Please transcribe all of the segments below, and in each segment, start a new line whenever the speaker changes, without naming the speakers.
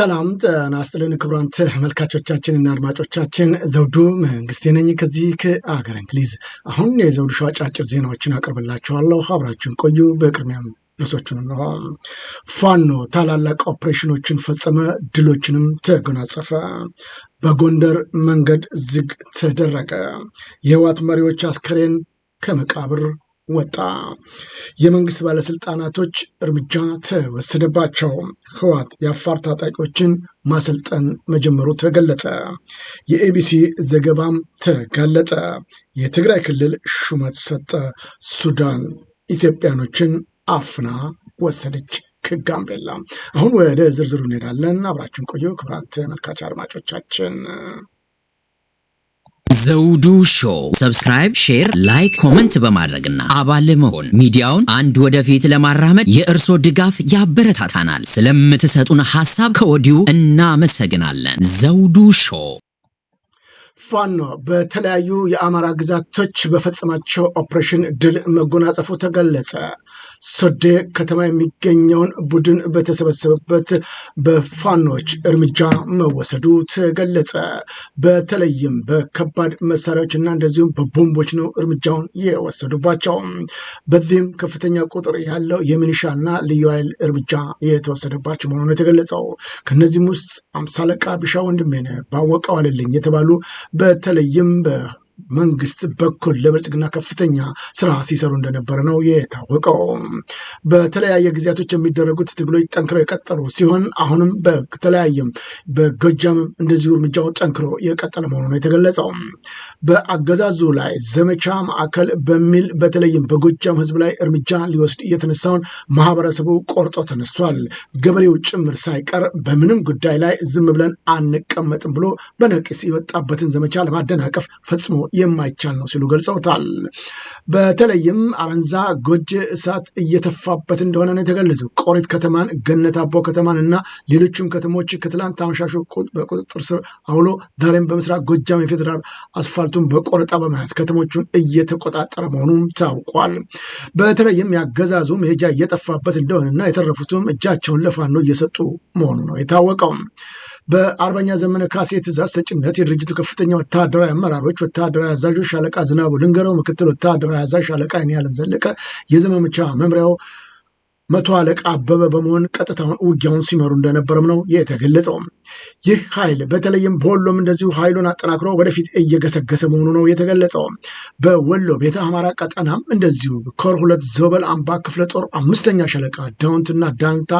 ሰላም ጤና ይስጥልን ክቡራን ተመልካቾቻችንና አድማጮቻችን ዘውዱ መንግስቴ ነኝ ከዚህ ከአገር እንግሊዝ። አሁን የዘውዱ ሾው አጫጭር ዜናዎችን አቀርብላችኋለሁ፣ አብራችሁን ቆዩ። በቅድሚያም ርዕሶቹን እንሆ። ፋኖ ታላላቅ ኦፕሬሽኖችን ፈጸመ፣ ድሎችንም ተጎናጸፈ። በጎንደር መንገድ ዝግ ተደረገ። የህወሓት መሪዎች አስከሬን ከመቃብር ወጣ። የመንግስት ባለስልጣናቶች እርምጃ ተወሰደባቸው። ህወሓት የአፋር ታጣቂዎችን ማሰልጠን መጀመሩ ተገለጠ። የኤቢሲ ዘገባም ተጋለጠ። የትግራይ ክልል ሹመት ሰጠ። ሱዳን ኢትዮጵያኖችን አፍና ወሰደች። ከጋምቤላ አሁን ወደ ዝርዝሩ እንሄዳለን። አብራችን ቆዩ። ክብራንት ተመልካች አድማጮቻችን
ዘውዱ ሾው ሰብስክራይብ፣ ሼር፣ ላይክ፣ ኮመንት በማድረግና አባል መሆን ሚዲያውን አንድ ወደፊት ለማራመድ የእርሶ ድጋፍ ያበረታታናል። ስለምትሰጡን ሀሳብ ከወዲሁ እናመሰግናለን። ዘውዱ ሾው
ፋኖ በተለያዩ የአማራ ግዛቶች በፈጸማቸው ኦፕሬሽን ድል መጎናጸፉ ተገለጸ። ሶዴ ከተማ የሚገኘውን ቡድን በተሰበሰበበት በፋኖች እርምጃ መወሰዱ ተገለጸ። በተለይም በከባድ መሳሪያዎች እና እንደዚሁም በቦምቦች ነው እርምጃውን የወሰዱባቸው። በዚህም ከፍተኛ ቁጥር ያለው የሚኒሻ እና ልዩ ኃይል እርምጃ የተወሰደባቸው መሆኑን የተገለጸው ከእነዚህም ውስጥ አምሳ አለቃ ቢሻ ወንድሜነህ ባወቀው አለልኝ የተባሉ በተለይም መንግስት በኩል ለብልጽግና ከፍተኛ ስራ ሲሰሩ እንደነበረ ነው የታወቀው። በተለያየ ጊዜያቶች የሚደረጉት ትግሎች ጠንክረው የቀጠሉ ሲሆን አሁንም በተለያየም በጎጃም እንደዚሁ እርምጃው ጠንክሮ የቀጠለ መሆኑ ነው የተገለጸው። በአገዛዙ ላይ ዘመቻ ማዕከል በሚል በተለይም በጎጃም ህዝብ ላይ እርምጃ ሊወስድ የተነሳውን ማህበረሰቡ ቆርጦ ተነስቷል። ገበሬው ጭምር ሳይቀር በምንም ጉዳይ ላይ ዝም ብለን አንቀመጥም ብሎ በነቂስ የወጣበትን ዘመቻ ለማደናቀፍ ፈጽሞ የማይቻል ነው ሲሉ ገልጸውታል። በተለይም አረንዛ ጎጅ እሳት እየተፋበት እንደሆነ ነው የተገለጸው። ቆሪት ከተማን፣ ገነት አቦ ከተማን እና ሌሎችም ከተሞች ከትላንት አመሻሹ በቁጥጥር ስር አውሎ ዛሬም በምስራቅ ጎጃም የፌዴራል አስፋልቱን በቆረጣ በመያዝ ከተሞቹን እየተቆጣጠረ መሆኑም ታውቋል። በተለይም ያገዛዙ መሄጃ እየጠፋበት እንደሆነና የተረፉትም እጃቸውን ለፋኖ እየሰጡ መሆኑ ነው የታወቀው። በአርበኛ ዘመነ ካሴ ትእዛዝ ሰጭነት የድርጅቱ ከፍተኛ ወታደራዊ አመራሮች፣ ወታደራዊ አዛዦች ሻለቃ ዝናቡ ልንገረው፣ ምክትል ወታደራዊ አዛዥ ሻለቃ እኔ ያለም ዘለቀ፣ የዘመቻ መምሪያው መቶ አለቃ አበበ በመሆን ቀጥታውን ውጊያውን ሲመሩ እንደነበረም ነው የተገለጸው። ይህ ኃይል በተለይም በወሎም እንደዚሁ ኃይሉን አጠናክሮ ወደፊት እየገሰገሰ መሆኑ ነው የተገለጸው። በወሎ ቤተ አማራ ቀጠናም እንደዚሁ ኮር ሁለት ዘበል አምባ ክፍለ ጦር አምስተኛ ሸለቃ ዳውንትና ዳንታ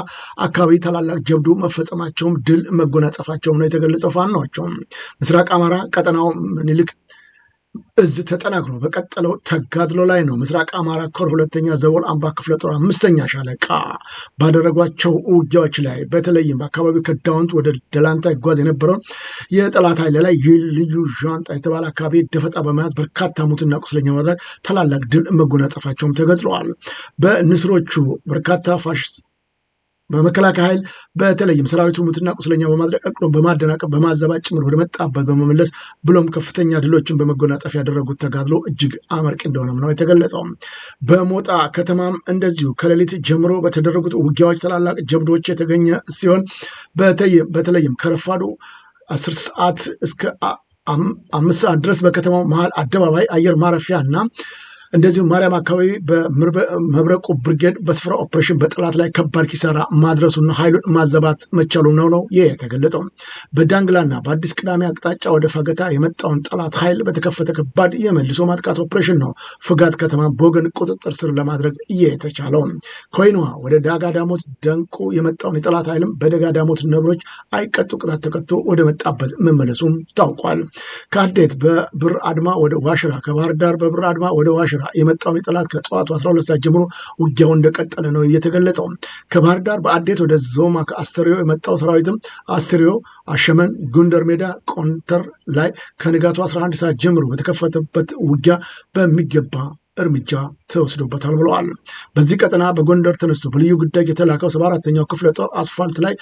አካባቢ ታላላቅ ጀብዱ መፈጸማቸውም ድል መጎናጸፋቸውም ነው የተገለጸው። ፋኖቸው ምስራቅ አማራ ቀጠናው ምኒልክ እዝ ተጠናክሮ በቀጠለው ተጋድሎ ላይ ነው። ምስራቅ አማራ ኮር ሁለተኛ ዘቦል አምባ ክፍለ ጦር አምስተኛ ሻለቃ ባደረጓቸው ውጊያዎች ላይ በተለይም በአካባቢው ከዳውንት ወደ ደላንታ ይጓዝ የነበረውን የጠላት ኃይል ላይ ልዩ ዣንጣ የተባለ አካባቢ ደፈጣ በመያዝ በርካታ ሙትና ቁስለኛ ማድረግ ታላላቅ ድል መጎናጸፋቸውም ተገጥለዋል። በንስሮቹ በርካታ ፋሽስት በመከላከያ ኃይል በተለይም ሰራዊቱ ሙትና ቁስለኛ በማድረግ አቅሎ በማደናቀፍ በማዘባት ጭምር ወደ መጣበት በመመለስ ብሎም ከፍተኛ ድሎችን በመጎናጸፍ ያደረጉት ተጋድሎ እጅግ አመርቂ እንደሆነም ነው የተገለጸው። በሞጣ ከተማም እንደዚሁ ከሌሊት ጀምሮ በተደረጉት ውጊያዎች ታላላቅ ጀብዶች የተገኘ ሲሆን በተለይም ከረፋዱ አስር ሰዓት እስከ አምስት ሰዓት ድረስ በከተማው መሀል አደባባይ አየር ማረፊያ እና እንደዚሁ ማርያም አካባቢ በመብረቁ ብርጌድ በስፍራ ኦፕሬሽን በጠላት ላይ ከባድ ኪሳራ ማድረሱና ኃይሉን ማዘባት መቻሉ ነው ነው ይህ የተገለጠው። በዳንግላና በአዲስ ቅዳሜ አቅጣጫ ወደ ፈገታ የመጣውን ጠላት ኃይል በተከፈተ ከባድ የመልሶ ማጥቃት ኦፕሬሽን ነው ፍጋት ከተማን በወገን ቁጥጥር ስር ለማድረግ የተቻለው። ኮይንዋ ወደ ዳጋዳሞት ደንቁ የመጣውን የጠላት ኃይልም በደጋዳሞት ነብሮች አይቀጡ ቅጣት ተቀጥቶ ወደ መጣበት መመለሱም ታውቋል። ከአዴት በብር አድማ ወደ ዋሽራ ከባህር ዳር በብር አድማ ወደ ዋሽራ የመጣው የጠላት ከጠዋቱ 12 ሰዓት ጀምሮ ውጊያው እንደቀጠለ ነው እየተገለጸው። ከባህር ዳር በአዴት ወደ ዞማ ከአስተሪዮ የመጣው ሰራዊትም አስተሪዮ፣ አሸመን፣ ጉንደር ሜዳ፣ ቆንተር ላይ ከንጋቱ 11 ሰዓት ጀምሮ በተከፈተበት ውጊያ በሚገባ እርምጃ ተወስዶበታል ብለዋል። በዚህ ቀጠና በጎንደር ተነስቶ በልዩ ግዳጅ የተላከው ሰባ አራተኛው ክፍለ ጦር አስፋልት ላይ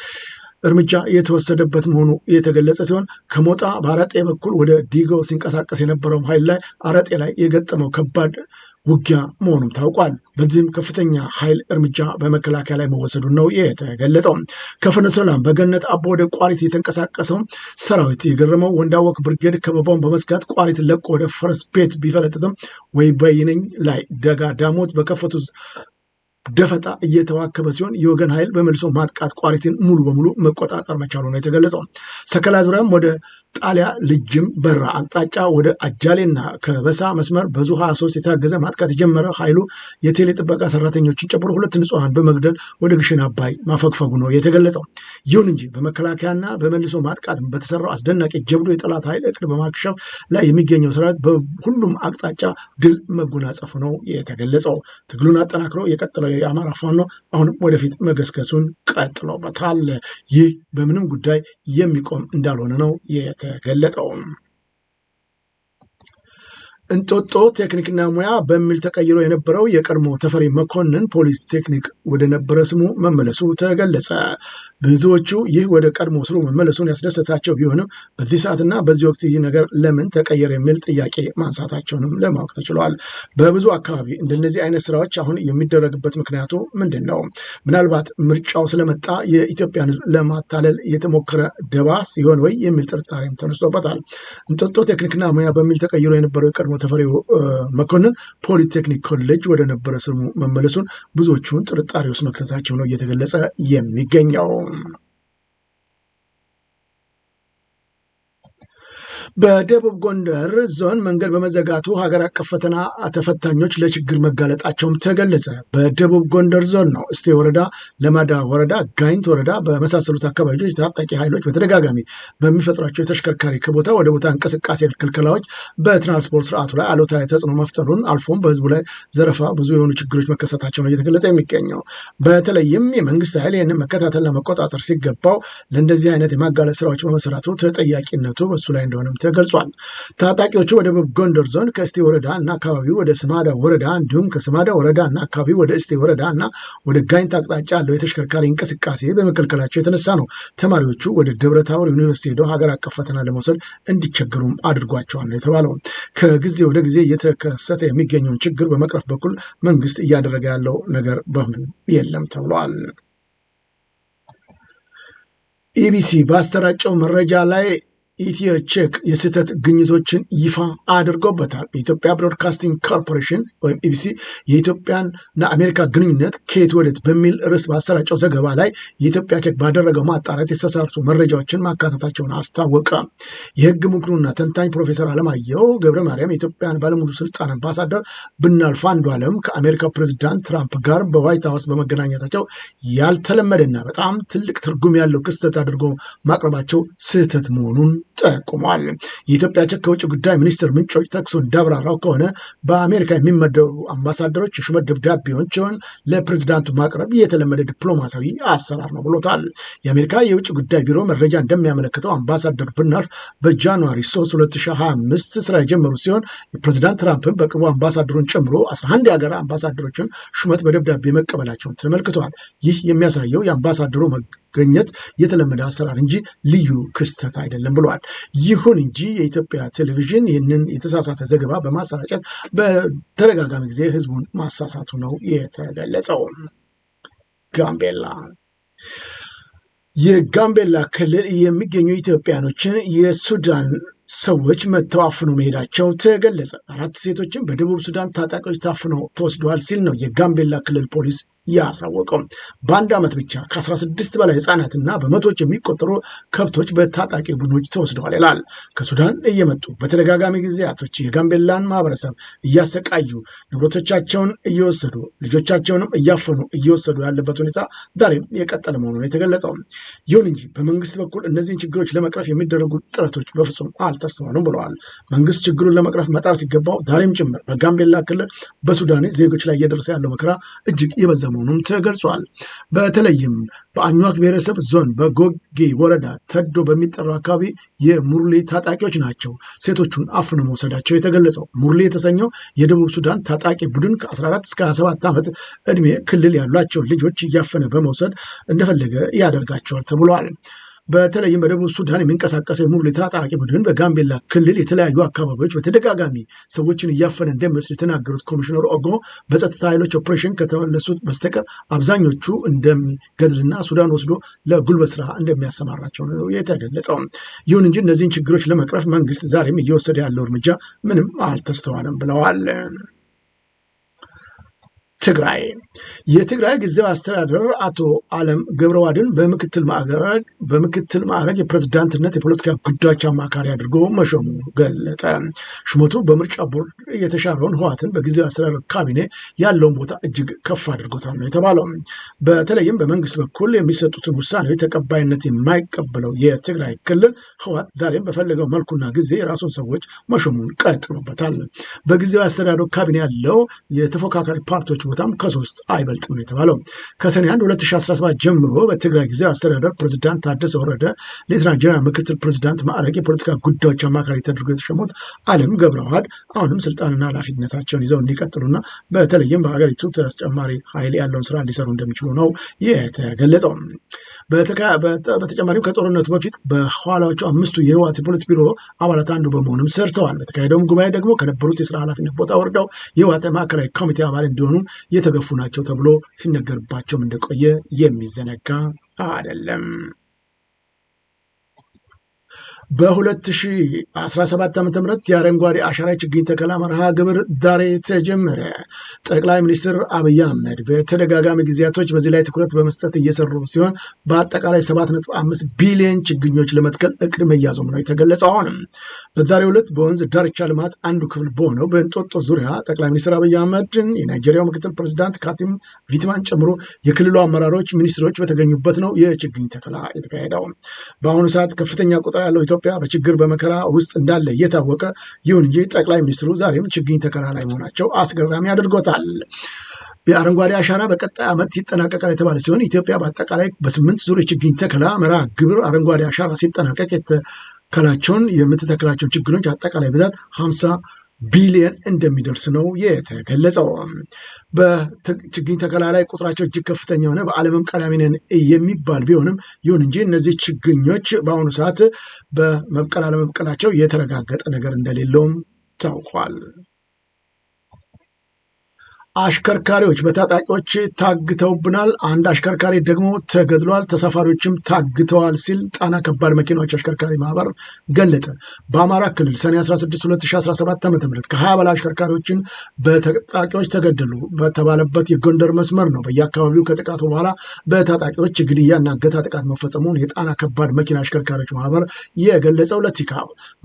እርምጃ የተወሰደበት መሆኑ የተገለጸ ሲሆን ከሞጣ በአረጤ በኩል ወደ ዲጎ ሲንቀሳቀስ የነበረውም ኃይል ላይ አረጤ ላይ የገጠመው ከባድ ውጊያ መሆኑም ታውቋል። በዚህም ከፍተኛ ኃይል እርምጃ በመከላከያ ላይ መወሰዱ ነው የተገለጠው። ከፈነሶላም በገነት አቦ ወደ ቋሪት የተንቀሳቀሰው ሰራዊት የገረመው ወንዳወክ ብርጌድ ከበባውን በመስጋት ቋሪት ለቆ ወደ ፈረስ ቤት ቢፈለጥትም ወይ በይነኝ ላይ ደጋ ዳሞት በከፈቱት ደፈጣ እየተዋከበ ሲሆን የወገን ኃይል በመልሶ ማጥቃት ቋሪትን ሙሉ በሙሉ መቆጣጠር መቻሉ ነው የተገለጸው። ሰከላ ዙሪያም ወደ ጣሊያ ልጅም በራ አቅጣጫ ወደ አጃሌና ከበሳ መስመር በዙ 23 የታገዘ ማጥቃት የጀመረ ኃይሉ የቴሌ ጥበቃ ሰራተኞችን ጨምሮ ሁለት ንጹሐን በመግደል ወደ ግሽን አባይ ማፈግፈጉ ነው የተገለጸው። ይሁን እንጂ በመከላከያና በመልሶ ማጥቃት በተሰራው አስደናቂ ጀብዶ የጠላት ኃይል እቅድ በማክሸፍ ላይ የሚገኘው ስርዓት በሁሉም አቅጣጫ ድል መጎናጸፉ ነው የተገለጸው። ትግሉን አጠናክሮ የቀጠለው የአማራ ፋኖ አሁንም ወደፊት መገስገሱን ቀጥሎበታል። ይህ በምንም ጉዳይ የሚቆም እንዳልሆነ ነው የተገለጠውም። እንጦጦ ቴክኒክና ሙያ በሚል ተቀይሮ የነበረው የቀድሞ ተፈሪ መኮንን ፖሊስ ቴክኒክ ወደ ነበረ ስሙ መመለሱ ተገለጸ። ብዙዎቹ ይህ ወደ ቀድሞ ስሩ መመለሱን ያስደሰታቸው ቢሆንም በዚህ ሰዓትና በዚህ ወቅት ይህ ነገር ለምን ተቀየረ የሚል ጥያቄ ማንሳታቸውንም ለማወቅ ተችሏል። በብዙ አካባቢ እንደነዚህ አይነት ስራዎች አሁን የሚደረግበት ምክንያቱ ምንድን ነው? ምናልባት ምርጫው ስለመጣ የኢትዮጵያን ሕዝብ ለማታለል የተሞከረ ደባ ሲሆን ወይ የሚል ጥርጣሬም ተነስቶበታል። እንጦጦ ቴክኒክና ሙያ በሚል ተቀይሮ የነበረው የቀድሞ ተፈሪ መኮንን ፖሊቴክኒክ ኮሌጅ ወደ ነበረ ስሙ መመለሱን ብዙዎቹን ጥርጣሬ ውስጥ መክተታቸው ነው እየተገለጸ የሚገኘው። በደቡብ ጎንደር ዞን መንገድ በመዘጋቱ ሀገር አቀፍ ፈተና ተፈታኞች ለችግር መጋለጣቸውም ተገለጸ። በደቡብ ጎንደር ዞን ነው እስቴ ወረዳ፣ ለማዳ ወረዳ፣ ጋይንት ወረዳ በመሳሰሉት አካባቢዎች የታጣቂ ኃይሎች በተደጋጋሚ በሚፈጥሯቸው የተሽከርካሪ ከቦታ ወደ ቦታ እንቅስቃሴ ክልከላዎች በትራንስፖርት ስርዓቱ ላይ አሉታዊ ተጽዕኖ መፍጠሩን አልፎም በህዝቡ ላይ ዘረፋ፣ ብዙ የሆኑ ችግሮች መከሰታቸው ነው እየተገለጸ የሚገኘው። በተለይም የመንግስት ኃይል ይህንን መከታተል ለመቆጣጠር ሲገባው ለእንደዚህ አይነት የማጋለጥ ስራዎች በመሰራቱ ተጠያቂነቱ በሱ ላይ እንደሆነም ተገልጿል። ታጣቂዎቹ በደቡብ ጎንደር ዞን ከእስቴ ወረዳ እና አካባቢ ወደ ስማዳ ወረዳ እንዲሁም ከስማዳ ወረዳ እና አካባቢ ወደ እስቴ ወረዳ እና ወደ ጋኝት አቅጣጫ ያለው የተሽከርካሪ እንቅስቃሴ በመከልከላቸው የተነሳ ነው ተማሪዎቹ ወደ ደብረ ታቦር ዩኒቨርሲቲ ሄደው ሀገር አቀፍ ፈተና ለመውሰድ እንዲቸገሩም አድርጓቸዋል ነው የተባለው። ከጊዜ ወደ ጊዜ እየተከሰተ የሚገኘውን ችግር በመቅረፍ በኩል መንግስት እያደረገ ያለው ነገር በምን የለም ተብሏል። ኢቢሲ በአሰራጨው መረጃ ላይ ኢትዮ ቼክ የስህተት ግኝቶችን ይፋ አድርጎበታል። የኢትዮጵያ ብሮድካስቲንግ ኮርፖሬሽን ወይም ኢቢሲ የኢትዮጵያና አሜሪካ ግንኙነት ከየት ወደት በሚል ርዕስ ባሰራጨው ዘገባ ላይ የኢትዮጵያ ቼክ ባደረገው ማጣራት የተሳሳቱ መረጃዎችን ማካተታቸውን አስታወቀ። የህግ ምክሩና ተንታኝ ፕሮፌሰር አለማየሁ ገብረ ማርያም የኢትዮጵያን ባለሙሉ ስልጣን አምባሳደር ብናልፍ አለም ከአሜሪካ ፕሬዚዳንት ትራምፕ ጋር በዋይት ሀውስ በመገናኘታቸው ያልተለመደና በጣም ትልቅ ትርጉም ያለው ክስተት አድርጎ ማቅረባቸው ስህተት መሆኑን ጠቁሟል። የኢትዮጵያ ቸክ ከውጭ ጉዳይ ሚኒስትር ምንጮች ጠቅሶ እንዳብራራው ከሆነ በአሜሪካ የሚመደቡ አምባሳደሮች የሹመት ደብዳቤውን ሲሆን ለፕሬዚዳንቱ ማቅረብ የተለመደ ዲፕሎማሲያዊ አሰራር ነው ብሎታል። የአሜሪካ የውጭ ጉዳይ ቢሮ መረጃ እንደሚያመለክተው አምባሳደር ብናልፍ በጃንዋሪ 3 2025 ስራ የጀመሩ ሲሆን የፕሬዚዳንት ትራምፕን በቅርቡ አምባሳደሩን ጨምሮ 11 የሀገር አምባሳደሮችን ሹመት በደብዳቤ መቀበላቸውን ተመልክተዋል። ይህ የሚያሳየው የአምባሳደሩ መገኘት የተለመደ አሰራር እንጂ ልዩ ክስተት አይደለም ብለዋል። ይሁን እንጂ የኢትዮጵያ ቴሌቪዥን ይህንን የተሳሳተ ዘገባ በማሰራጨት በተደጋጋሚ ጊዜ ህዝቡን ማሳሳቱ ነው የተገለጸው። ጋምቤላ የጋምቤላ ክልል የሚገኙ ኢትዮጵያኖችን የሱዳን ሰዎች መጥተው አፍኖ መሄዳቸው ተገለጸ። አራት ሴቶችን በደቡብ ሱዳን ታጣቂዎች ታፍኖ ተወስደዋል ሲል ነው የጋምቤላ ክልል ፖሊስ ያሳወቀው። በአንድ ዓመት ብቻ ከ16 በላይ ህጻናትና በመቶች የሚቆጠሩ ከብቶች በታጣቂ ቡድኖች ተወስደዋል ይላል። ከሱዳን እየመጡ በተደጋጋሚ ጊዜያቶች የጋምቤላን ማህበረሰብ እያሰቃዩ ንብረቶቻቸውን እየወሰዱ ልጆቻቸውንም እያፈኑ እየወሰዱ ያለበት ሁኔታ ዛሬም የቀጠለ መሆኑ የተገለጸው። ይሁን እንጂ በመንግስት በኩል እነዚህን ችግሮች ለመቅረፍ የሚደረጉ ጥረቶች በፍጹም አልተስተዋሉም ብለዋል። መንግስት ችግሩን ለመቅረፍ መጣር ሲገባው ዛሬም ጭምር በጋምቤላ ክልል በሱዳን ዜጎች ላይ እየደረሰ ያለው መከራ እጅግ የበዛ መሆኑም ተገልጿል። በተለይም በአኟክ ብሔረሰብ ዞን በጎጌ ወረዳ ተዶ በሚጠራው አካባቢ የሙርሌ ታጣቂዎች ናቸው ሴቶቹን አፍኖ መውሰዳቸው የተገለጸው። ሙርሌ የተሰኘው የደቡብ ሱዳን ታጣቂ ቡድን ከ14 እስከ 27 ዓመት ዕድሜ ክልል ያሏቸውን ልጆች እያፈነ በመውሰድ እንደፈለገ ያደርጋቸዋል ተብሏል። በተለይም በደቡብ ሱዳን የሚንቀሳቀሰው የሙርሌ ታጣቂ ቡድን በጋምቤላ ክልል የተለያዩ አካባቢዎች በተደጋጋሚ ሰዎችን እያፈነ እንደሚወስድ የተናገሩት ኮሚሽነሩ ኦጎ በጸጥታ ኃይሎች ኦፕሬሽን ከተመለሱት በስተቀር አብዛኞቹ እንደሚገድልና ሱዳን ወስዶ ለጉልበት ስራ እንደሚያሰማራቸው ነው የተገለጸው። ይሁን እንጂ እነዚህን ችግሮች ለመቅረፍ መንግስት ዛሬም እየወሰደ ያለው እርምጃ ምንም አልተስተዋለም ብለዋል። ትግራይ የትግራይ ጊዜያዊ አስተዳደር አቶ አለም ገብረዋድን በምክትል ማዕረግ በምክትል ማዕረግ የፕሬዝዳንትነት የፖለቲካ ጉዳዮች አማካሪ አድርጎ መሾሙ ገለጠ። ሹመቱ በምርጫ ቦርድ የተሻረውን ህዋትን በጊዜያዊ አስተዳደር ካቢኔ ያለውን ቦታ እጅግ ከፍ አድርጎታል ነው የተባለው። በተለይም በመንግስት በኩል የሚሰጡትን ውሳኔዎች ተቀባይነት የማይቀበለው የትግራይ ክልል ህዋት ዛሬም በፈለገው መልኩና ጊዜ የራሱን ሰዎች መሾሙን ቀጥሎበታል። በጊዜያዊ አስተዳደር ካቢኔ ያለው የተፎካካሪ ፓርቲዎች ቦታ በጣም ከሶስት አይበልጥም ነው የተባለው። ከሰኔ 1 2017 ጀምሮ በትግራይ ጊዜ አስተዳደር ፕሬዚዳንት ታደሰ ወረደ ሌተና ጀነራል ምክትል ፕሬዚዳንት ማዕረግ የፖለቲካ ጉዳዮች አማካሪ ተደርጎ የተሸሙት አለም ገብረዋህድ አሁንም ስልጣንና ኃላፊነታቸውን ይዘው እንዲቀጥሉና በተለይም በሀገሪቱ ተጨማሪ ኃይል ያለውን ስራ እንዲሰሩ እንደሚችሉ ነው የተገለጸው። በተጨማሪም ከጦርነቱ በፊት በኋላዎቹ አምስቱ የህወሓት የፖለቲ ቢሮ አባላት አንዱ በመሆኑም ሰርተዋል። በተካሄደውም ጉባኤ ደግሞ ከነበሩት የስራ ኃላፊነት ቦታ ወርደው የህወሓት ማዕከላዊ ኮሚቴ አባል እንዲሆኑም የተገፉ ናቸው ተብሎ ሲነገርባቸውም እንደቆየ የሚዘነጋ አይደለም። በ2017 ዓ ም የአረንጓዴ አሻራ ችግኝ ተከላ መርሃ ግብር ዛሬ ተጀመረ። ጠቅላይ ሚኒስትር አብይ አህመድ በተደጋጋሚ ጊዜያቶች በዚህ ላይ ትኩረት በመስጠት እየሰሩ ሲሆን በአጠቃላይ 7.5 ቢሊዮን ችግኞች ለመትከል እቅድ መያዙም ነው የተገለጸው። አሁንም በዛሬው ዕለት በወንዝ ዳርቻ ልማት አንዱ ክፍል በሆነው በእንጦጦ ዙሪያ ጠቅላይ ሚኒስትር አብይ አህመድን የናይጄሪያው ምክትል ፕሬዚዳንት ካቲም ቪትማን ጨምሮ የክልሉ አመራሮች፣ ሚኒስትሮች በተገኙበት ነው የችግኝ ተከላ የተካሄደው። በአሁኑ ሰዓት ከፍተኛ ቁጥር ያለው ኢትዮጵያ በችግር በመከራ ውስጥ እንዳለ እየታወቀ ይሁን እንጂ ጠቅላይ ሚኒስትሩ ዛሬም ችግኝ ተከላ ላይ መሆናቸው አስገራሚ አድርጎታል። የአረንጓዴ አሻራ በቀጣይ ዓመት ይጠናቀቃል የተባለ ሲሆን ኢትዮጵያ በአጠቃላይ በስምንት ዙር የችግኝ ተከላ መርሃ ግብር አረንጓዴ አሻራ ሲጠናቀቅ የተከላቸውን የምትተከላቸውን ችግኞች አጠቃላይ ብዛት ሀምሳ ቢሊየን እንደሚደርስ ነው የተገለጸው። በችግኝ ተከላ ላይ ቁጥራቸው እጅግ ከፍተኛ የሆነ በዓለምም ቀዳሚ ነን የሚባል ቢሆንም ይሁን እንጂ እነዚህ ችግኞች በአሁኑ ሰዓት በመብቀል አለመብቀላቸው የተረጋገጠ ነገር እንደሌለውም ታውቋል። አሽከርካሪዎች በታጣቂዎች ታግተውብናል፣ አንድ አሽከርካሪ ደግሞ ተገድሏል፣ ተሳፋሪዎችም ታግተዋል ሲል ጣና ከባድ መኪናዎች አሽከርካሪ ማህበር ገለጠ። በአማራ ክልል ሰኔ 16 2017 ዓ ም ከ20 በላይ አሽከርካሪዎችን በታጣቂዎች ተገደሉ በተባለበት የጎንደር መስመር ነው። በየአካባቢው ከጥቃቱ በኋላ በታጣቂዎች ግድያና እገታ ጥቃት መፈጸሙን የጣና ከባድ መኪና አሽከርካሪዎች ማህበር የገለጸው ለቲካ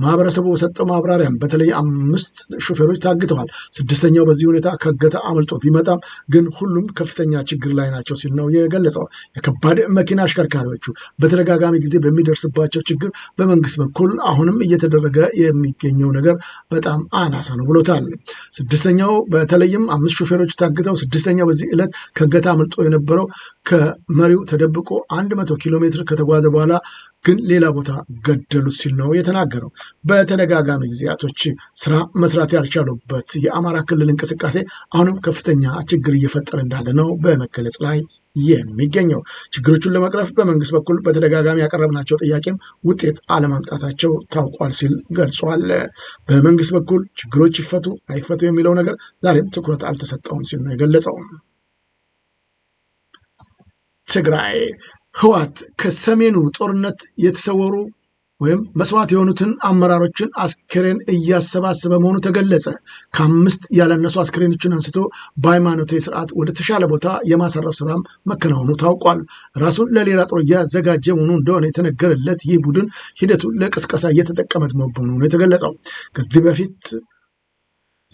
ማህበረሰቡ በሰጠው ማብራሪያም በተለይ አምስት ሹፌሮች ታግተዋል፣ ስድስተኛው በዚህ ሁኔታ ከእገታ በልጦ ቢመጣም ግን ሁሉም ከፍተኛ ችግር ላይ ናቸው ሲል ነው የገለጸው። የከባድ መኪና አሽከርካሪዎቹ በተደጋጋሚ ጊዜ በሚደርስባቸው ችግር በመንግስት በኩል አሁንም እየተደረገ የሚገኘው ነገር በጣም አናሳ ነው ብሎታል። ስድስተኛው በተለይም አምስት ሾፌሮች ታግተው ስድስተኛው በዚህ ዕለት ከገታ አምልጦ የነበረው ከመሪው ተደብቆ አንድ መቶ ኪሎ ሜትር ከተጓዘ በኋላ ግን ሌላ ቦታ ገደሉት ሲል ነው የተናገረው። በተደጋጋሚ ጊዜያቶች ስራ መስራት ያልቻሉበት የአማራ ክልል እንቅስቃሴ አሁንም ከፍተኛ ችግር እየፈጠረ እንዳለ ነው በመገለጽ ላይ የሚገኘው ችግሮቹን ለመቅረፍ በመንግስት በኩል በተደጋጋሚ ያቀረብናቸው ጥያቄም ውጤት አለማምጣታቸው ታውቋል ሲል ገልጿል። በመንግስት በኩል ችግሮች ይፈቱ አይፈቱ የሚለው ነገር ዛሬም ትኩረት አልተሰጠውም ሲል ነው የገለጸው። ትግራይ ህወሓት ከሰሜኑ ጦርነት የተሰወሩ ወይም መስዋዕት የሆኑትን አመራሮችን አስክሬን እያሰባሰበ መሆኑ ተገለጸ። ከአምስት ያላነሱ አስክሬኖችን አንስቶ በሃይማኖታዊ ስርዓት ወደ ተሻለ ቦታ የማሳረፍ ስራም መከናወኑ ታውቋል። ራሱን ለሌላ ጦር እያዘጋጀ መሆኑ እንደሆነ የተነገረለት ይህ ቡድን ሂደቱ ለቅስቀሳ እየተጠቀመት መሆኑ ነው የተገለጸው። ከዚህ በፊት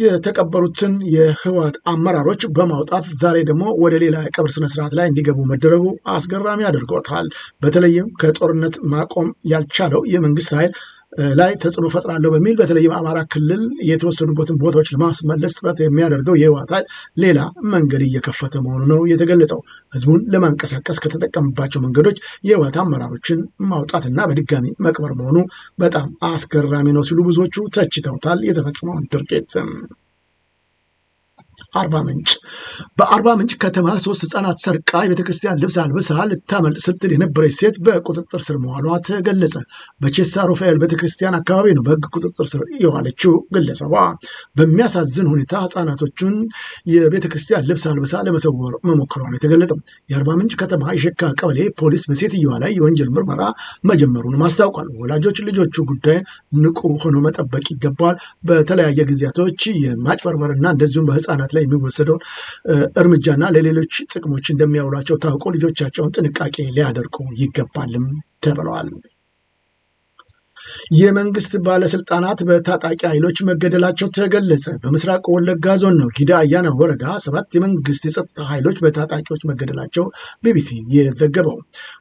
የተቀበሩትን የህወሓት አመራሮች በማውጣት ዛሬ ደግሞ ወደ ሌላ የቀብር ስነስርዓት ላይ እንዲገቡ መደረጉ አስገራሚ አድርጎታል። በተለይም ከጦርነት ማቆም ያልቻለው የመንግስት ኃይል ላይ ተጽዕኖ ፈጥራለሁ በሚል በተለይም አማራ ክልል የተወሰዱበትን ቦታዎች ለማስመለስ ጥረት የሚያደርገው የህወሓት ኃይል ሌላ መንገድ እየከፈተ መሆኑ ነው የተገለጸው። ህዝቡን ለማንቀሳቀስ ከተጠቀምባቸው መንገዶች የህወሓት አመራሮችን ማውጣትና በድጋሚ መቅበር መሆኑ በጣም አስገራሚ ነው ሲሉ ብዙዎቹ ተችተውታል የተፈጸመውን ድርጊት። አርባ ምንጭ በአርባ ምንጭ ከተማ ሶስት ህጻናት ሰርቃ የቤተክርስቲያን ልብስ አልብሳ ልታመልጥ ስትል የነበረች ሴት በቁጥጥር ስር መዋሏ ተገለጸ። በቼሳ ሩፋኤል ቤተክርስቲያን አካባቢ ነው በህግ ቁጥጥር ስር የዋለችው ግለሰቧ። በሚያሳዝን ሁኔታ ህጻናቶቹን የቤተክርስቲያን ልብስ አልብሳ ለመሰወር መሞከሯ ነው የተገለጠው። የአርባ ምንጭ ከተማ የሸካ ቀበሌ ፖሊስ በሴትየዋ ላይ የወንጀል ምርመራ መጀመሩን አስታውቋል። ወላጆች ልጆቹ ጉዳይ ንቁ ሆኖ መጠበቅ ይገባል። በተለያየ ጊዜያቶች የማጭበርበርና እንደዚሁም በህጻናት ህጻናት ላይ የሚወሰደውን እርምጃና ለሌሎች ጥቅሞች እንደሚያውሏቸው ታውቆ ልጆቻቸውን ጥንቃቄ ሊያደርጉ ይገባልም ተብለዋል። የመንግስት ባለስልጣናት በታጣቂ ኃይሎች መገደላቸው ተገለጸ። በምስራቅ ወለጋ ዞን ነው ጊዳ አያና ወረዳ ሰባት የመንግስት የጸጥታ ኃይሎች በታጣቂዎች መገደላቸው ቢቢሲ የዘገበው።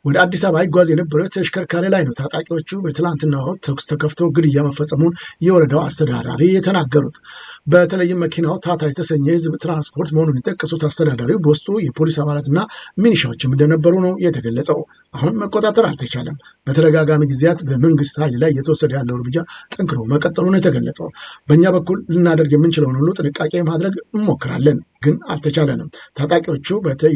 ወደ አዲስ አበባ ይጓዝ የነበረ ተሽከርካሪ ላይ ነው ታጣቂዎቹ በትላንትናው ተኩስ ተከፍቶ ግድያ መፈጸሙን የወረዳው አስተዳዳሪ የተናገሩት። በተለይም መኪናው ታታ የተሰኘ የህዝብ ትራንስፖርት መሆኑን የጠቀሱት አስተዳዳሪው በውስጡ የፖሊስ አባላትና ሚኒሻዎችም እንደነበሩ ነው የተገለጸው። አሁን መቆጣጠር አልተቻለም። በተደጋጋሚ ጊዜያት በመንግስት ኃይል ላይ እየተወሰደ ያለው እርምጃ ጠንክሮ መቀጠሉ ነው የተገለጸው። በእኛ በኩል ልናደርግ የምንችለውን ሁሉ ጥንቃቄ ማድረግ እንሞክራለን፣ ግን አልተቻለንም። ታጣቂዎቹ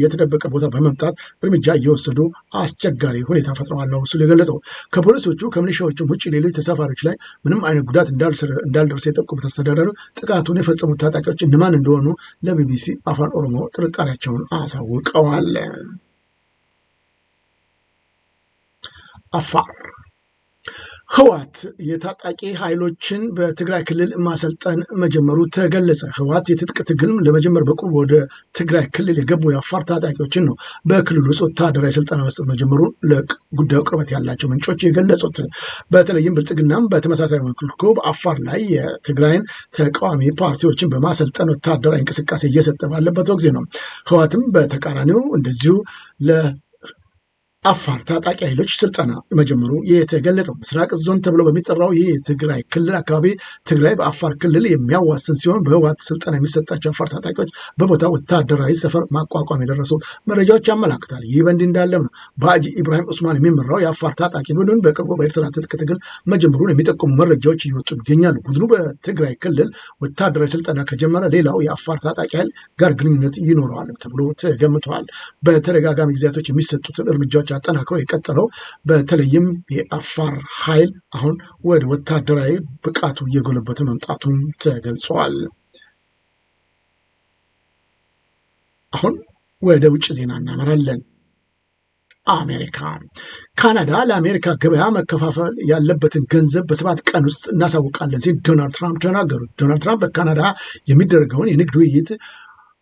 የተደበቀ ቦታ በመምጣት እርምጃ እየወሰዱ አስቸጋሪ ሁኔታ ፈጥረዋል ነው ሲሉ የገለጸው። ከፖሊሶቹ ከሚሊሻዎቹም ውጭ ሌሎች ተሳፋሪዎች ላይ ምንም አይነት ጉዳት እንዳልደርስ የጠቆሙት አስተዳደሩ ጥቃቱን የፈጸሙት ታጣቂዎች እነማን እንደሆኑ ለቢቢሲ አፋን ኦሮሞ ጥርጣሬያቸውን አሳውቀዋል። አፋር ህወሓት የታጣቂ ኃይሎችን በትግራይ ክልል ማሰልጠን መጀመሩ ተገለጸ። ህወሓት የትጥቅ ትግልም ለመጀመር በቅርቡ ወደ ትግራይ ክልል የገቡ የአፋር ታጣቂዎችን ነው በክልሉ ውስጥ ወታደራዊ ስልጠና መስጠት መጀመሩን ለጉዳዩ ቅርበት ያላቸው ምንጮች የገለጹት። በተለይም ብልጽግናም በተመሳሳይ መልኩ በአፋር ላይ የትግራይን ተቃዋሚ ፓርቲዎችን በማሰልጠን ወታደራዊ እንቅስቃሴ እየሰጠ ባለበት ወቅዜ ነው። ህወሓትም በተቃራኒው እንደዚሁ አፋር ታጣቂ ኃይሎች ስልጠና መጀመሩ የተገለጠው ምስራቅ ዞን ተብሎ በሚጠራው ይህ የትግራይ ክልል አካባቢ ትግራይ በአፋር ክልል የሚያዋስን ሲሆን በህወሓት ስልጠና የሚሰጣቸው አፋር ታጣቂዎች በቦታ ወታደራዊ ሰፈር ማቋቋም የደረሱ መረጃዎች ያመላክታል። ይህ በእንዲህ እንዳለም ነው በአጂ ኢብራሂም ኡስማን የሚመራው የአፋር ታጣቂ ቡድን በቅርቡ በኤርትራ ትጥቅ ትግል መጀመሩን የሚጠቁሙ መረጃዎች እየወጡ ይገኛሉ። ቡድኑ በትግራይ ክልል ወታደራዊ ስልጠና ከጀመረ ሌላው የአፋር ታጣቂ ኃይል ጋር ግንኙነት ይኖረዋል ተብሎ ተገምተዋል። በተደጋጋሚ ጊዜያቶች የሚሰጡትን እርምጃዎች አጠናክሮ የቀጠለው በተለይም የአፋር ኃይል አሁን ወደ ወታደራዊ ብቃቱ እየጎለበት መምጣቱም ተገልጿል። አሁን ወደ ውጭ ዜና እናመራለን። አሜሪካ ካናዳ ለአሜሪካ ገበያ መከፋፈል ያለበትን ገንዘብ በሰባት ቀን ውስጥ እናሳውቃለን ሲል ዶናልድ ትራምፕ ተናገሩ። ዶናልድ ትራምፕ በካናዳ የሚደረገውን የንግድ ውይይት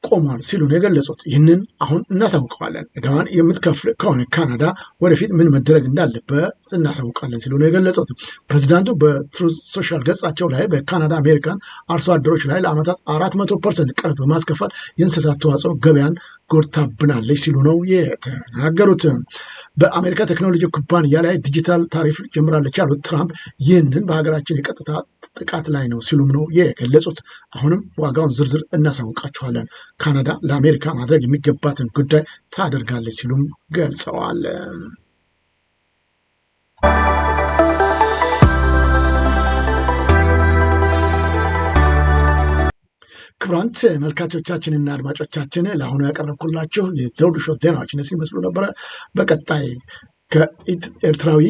ቆሟል ሲሉ ነው የገለጹት። ይህንን አሁን እናሳውቀዋለን፣ ዕዳዋን የምትከፍል ከሆነ ካናዳ ወደፊት ምን መደረግ እንዳለበት እናሳውቃለን ሲሉ ነው የገለጹት። ፕሬዚዳንቱ በትሩዝ ሶሻል ገጻቸው ላይ በካናዳ አሜሪካን አርሶ አደሮች ላይ ለዓመታት አራት መቶ ፐርሰንት ቀረጥ በማስከፈል የእንስሳት ተዋጽኦ ገበያን ጎድታብናለች ሲሉ ነው የተናገሩት። በአሜሪካ ቴክኖሎጂ ኩባንያ ላይ ዲጂታል ታሪፍ ጀምራለች ያሉት ትራምፕ ይህንን በሀገራችን የቀጥታ ጥቃት ላይ ነው ሲሉም ነው የገለጹት። አሁንም ዋጋውን ዝርዝር እናሳውቃችኋለን፣ ካናዳ ለአሜሪካ ማድረግ የሚገባትን ጉዳይ ታደርጋለች ሲሉም ገልጸዋል። ክቡራን ተመልካቾቻችንና አድማጮቻችን ለአሁኑ ያቀረብኩላችሁ የዘውዱ ሾው ዜናዎች እነዚህ ይመስሉ ነበረ። በቀጣይ ከኤርትራዊ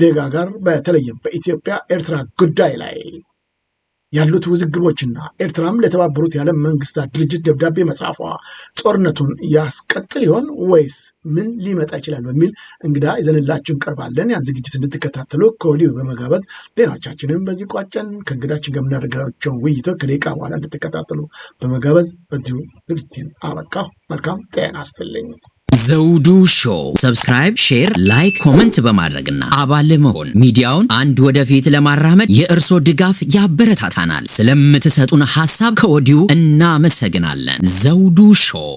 ዜጋ ጋር በተለይም በኢትዮጵያ ኤርትራ ጉዳይ ላይ ያሉት ውዝግቦችና ኤርትራም ለተባበሩት የዓለም መንግስታት ድርጅት ደብዳቤ መጻፏ ጦርነቱን ያስቀጥል ይሆን ወይስ ምን ሊመጣ ይችላል በሚል እንግዳ ይዘንላችሁ እንቀርባለን። ያን ዝግጅት እንድትከታተሉ ከወዲሁ በመጋበት ዜናዎቻችንን በዚህ ቋጨን። ከእንግዳችን ጋር የምናደርጋቸውን ውይይቶች ከደቂቃ በኋላ እንድትከታተሉ በመጋበዝ በዚሁ ዝግጅትን አበቃሁ። መልካም ጤና ይስጥልኝ። ዘውዱ ሾው ሰብስክራይብ፣ ሼር፣ ላይክ፣ ኮመንት በማድረግና አባል መሆን ሚዲያውን አንድ ወደፊት ለማራመድ የእርሶ ድጋፍ ያበረታታናል። ስለምትሰጡን ሀሳብ ከወዲሁ እናመሰግናለን። ዘውዱ ሾው